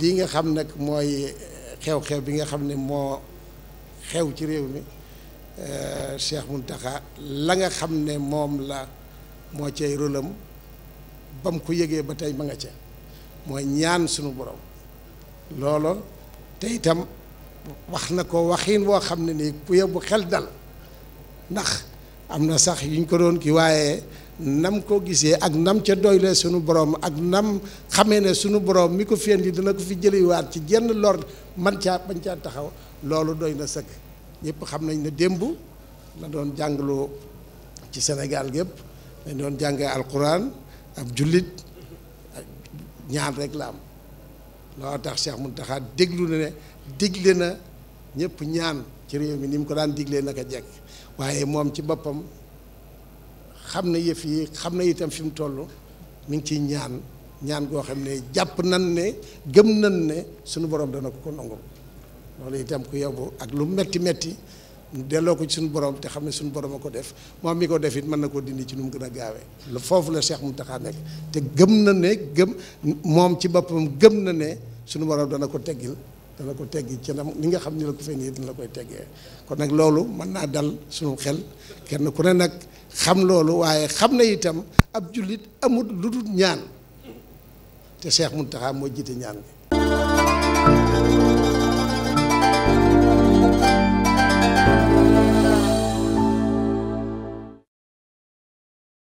lii nga xam nag mooy xew-xew bi nga xam ne moo xew ci réew mi euh, Cheikh Mountakha la nga xam ne moom la moo cay rôlam ba mu ko yëgee ba tey ma nga ca mooy ñaan sunu boroom loolo te itam wax na ko waxin woo xam ne nii ku yebbu xel dal ndax am na sax yuñ ko doon ki waaye nam ko gisee ak nam ca doyle sunu borom ak nam xamee ne sunu borom mi ko feen li dina ko fi jëliwaat ci jenn lor man caa bañ caa taxaw loolu doy na sëkk ñëpp xam nañ ne démb la doon jàngaloo ci senegal gépp dañ doon jàngee alquran ab jullit ñaan rek la am loo tax Cheikh taxaat déglu na ne dégle na ñëpp ñaan ci réew mi ni mu ko daan déglee naka jekk waaye moom ci boppam xam na yëf yi xam na itam fi mu toll mi ngi ciy ñaan ñaan goo xam ne jàpp nan ne gëm nan ne sunu borom dana ko ko nangul loolu itam ku yobbu ak lu metti metti delloo ko ci suñu borom te xam ne suñu borom a ko def moom mi ko def mën na koo dindi ci nu gën a gaawee lu foofu la Cheikh Mountakha nekk te gëm na ne gëm moom ci boppam gëm na ne suñu borom dana ko teggil dana ko teggi ci nam li nga xam ni la ko fay nii dina la koy teggee kon nag loolu mën naa dal suñu xel kenn ku ne nag xam loolu waaye xam na itam ab jullit amul lu dul ñaan te Cheikh Mountakha moo jiite ñaan bi